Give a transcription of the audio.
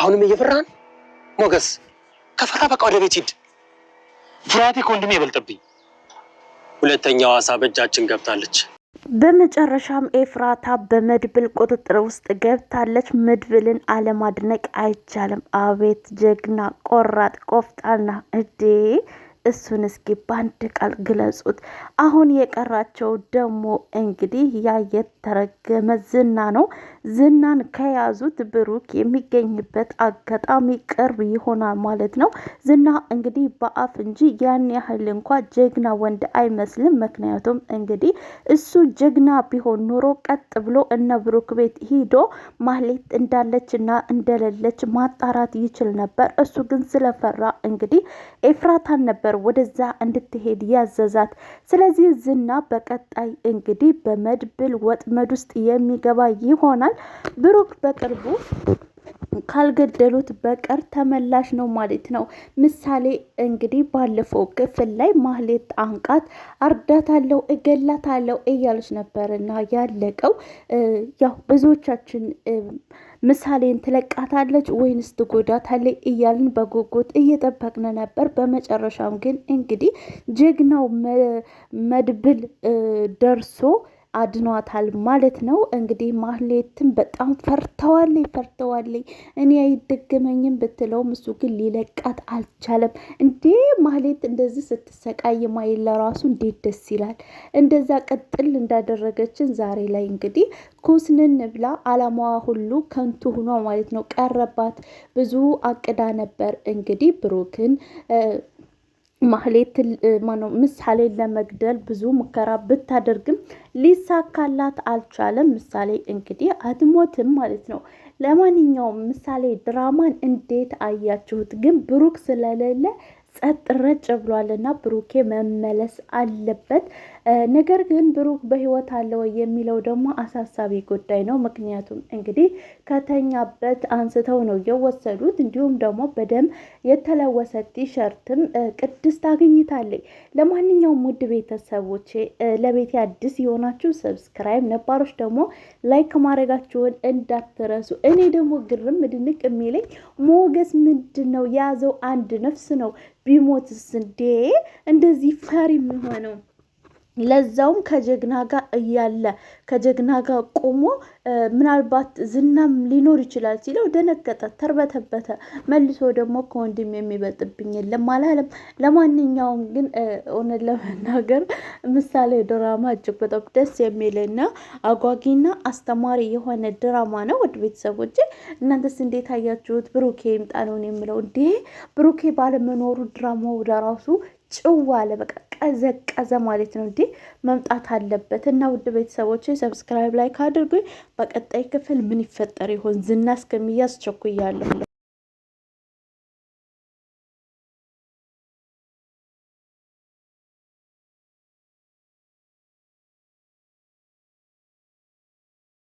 አሁንም እየፈራን ሞገስ፣ ከፈራ በቃ ወደ ቤት ሂድ። ፍርሃቴ ከወንድሜ ይበልጥብኝ። ሁለተኛዋ አሳ በእጃችን ገብታለች። በመጨረሻም ኤፍራታ በመድብል ቁጥጥር ውስጥ ገብታለች። መድብልን አለማድነቅ አይቻልም። አቤት ጀግና፣ ቆራጥ፣ ቆፍጣና እዴ እሱን እስኪ በአንድ ቃል ግለጹት። አሁን የቀራቸው ደግሞ እንግዲህ ያ የተረገመ ዝና ነው። ዝናን ከያዙት ብሩክ የሚገኝበት አጋጣሚ ቅርብ ይሆናል ማለት ነው። ዝና እንግዲህ በአፍ እንጂ ያን ያህል እንኳ ጀግና ወንድ አይመስልም። ምክንያቱም እንግዲህ እሱ ጀግና ቢሆን ኑሮ ቀጥ ብሎ እነ ብሩክ ቤት ሂዶ ማህሌት ና እንደሌለች ማጣራት ይችል ነበር። እሱ ግን ስለፈራ እንግዲህ ኤፍራታን ነበር ወደዛ እንድትሄድ ያዘዛት። ስለዚህ ዝና በቀጣይ እንግዲህ በመድብል ወጥመድ ውስጥ የሚገባ ይሆናል። ብሩክ በቅርቡ ካልገደሉት በቀር ተመላሽ ነው ማለት ነው። ምሳሌ እንግዲህ ባለፈው ክፍል ላይ ማህሌት አንቃት አርዳታለሁ፣ እገላታለሁ እያለች ነበርና ያለቀው ያው ብዙዎቻችን ምሳሌን ትለቃታለች ወይንስ ትጎዳታለች እያልን በጉጉት እየጠበቅን ነበር። በመጨረሻም ግን እንግዲህ ጀግናው መድብል ደርሶ አድኗታል ማለት ነው። እንግዲህ ማህሌትን በጣም ፈርተዋለይ ፈርተዋለይ እኔ አይደገመኝም ብትለውም እሱ ግን ሊለቃት አልቻለም። እንዴ ማህሌት እንደዚህ ስትሰቃይ ማየት ለራሱ እንዴት ደስ ይላል። እንደዛ ቀጥል እንዳደረገችን ዛሬ ላይ እንግዲህ ኩስንን ብላ አላማዋ ሁሉ ከንቱ ሆኗ ማለት ነው። ቀረባት። ብዙ አቅዳ ነበር እንግዲህ ብሩክን ማህሌት ማነው ምሳሌን ለመግደል ብዙ ሙከራ ብታደርግም ሊሳካላት አልቻለም። ምሳሌ እንግዲህ አትሞትም ማለት ነው። ለማንኛውም ምሳሌ ድራማን እንዴት አያችሁት? ግን ብሩክ ስለሌለ ጸጥ ረጭ ብሏልና ብሩኬ መመለስ አለበት። ነገር ግን ብሩክ በህይወት አለ ወይ የሚለው ደግሞ አሳሳቢ ጉዳይ ነው። ምክንያቱም እንግዲህ ከተኛበት አንስተው ነው የወሰዱት። እንዲሁም ደግሞ በደም የተለወሰ ቲሸርትም ቅድስት ታገኝታለች። ለማንኛውም ውድ ቤተሰቦቼ ለቤቴ አዲስ የሆናችሁ ሰብስክራይብ፣ ነባሮች ደግሞ ላይክ ማድረጋችሁን እንዳትረሱ። እኔ ደግሞ ግርም ድንቅ የሚለኝ ሞገስ ምንድን ነው የያዘው አንድ ነፍስ ነው ቢሞትስ እንዴ እንደዚህ ፈሪ የሚሆነው? ለዛውም ከጀግና ጋር እያለ ከጀግና ጋር ቆሞ ምናልባት ዝናም ሊኖር ይችላል ሲለው ደነገጠ፣ ተርበተበተ። መልሶ ደግሞ ከወንድም የሚበልጥብኝ የለም አላለም። ለማንኛውም ግን እውነት ለመናገር ምሳሌ ድራማ እጅግ በጣም ደስ የሚልና አጓጊና አስተማሪ የሆነ ድራማ ነው። ወደ ቤተሰቦች እናንተስ እንዴት አያችሁት? ብሩኬ ይምጣ ነውን የምለው። እንዴ ብሩኬ ባለመኖሩ ድራማው ለራሱ ጭዋ አለ በቃ ቀዘቀዘ ማለት ነው። እንዲህ መምጣት አለበት እና ውድ ቤተሰቦች ሰብስክራይብ፣ ላይክ አድርጉኝ። በቀጣይ ክፍል ምን ይፈጠር ይሆን? ዝና እስከሚያዝ ቸኩያለሁ።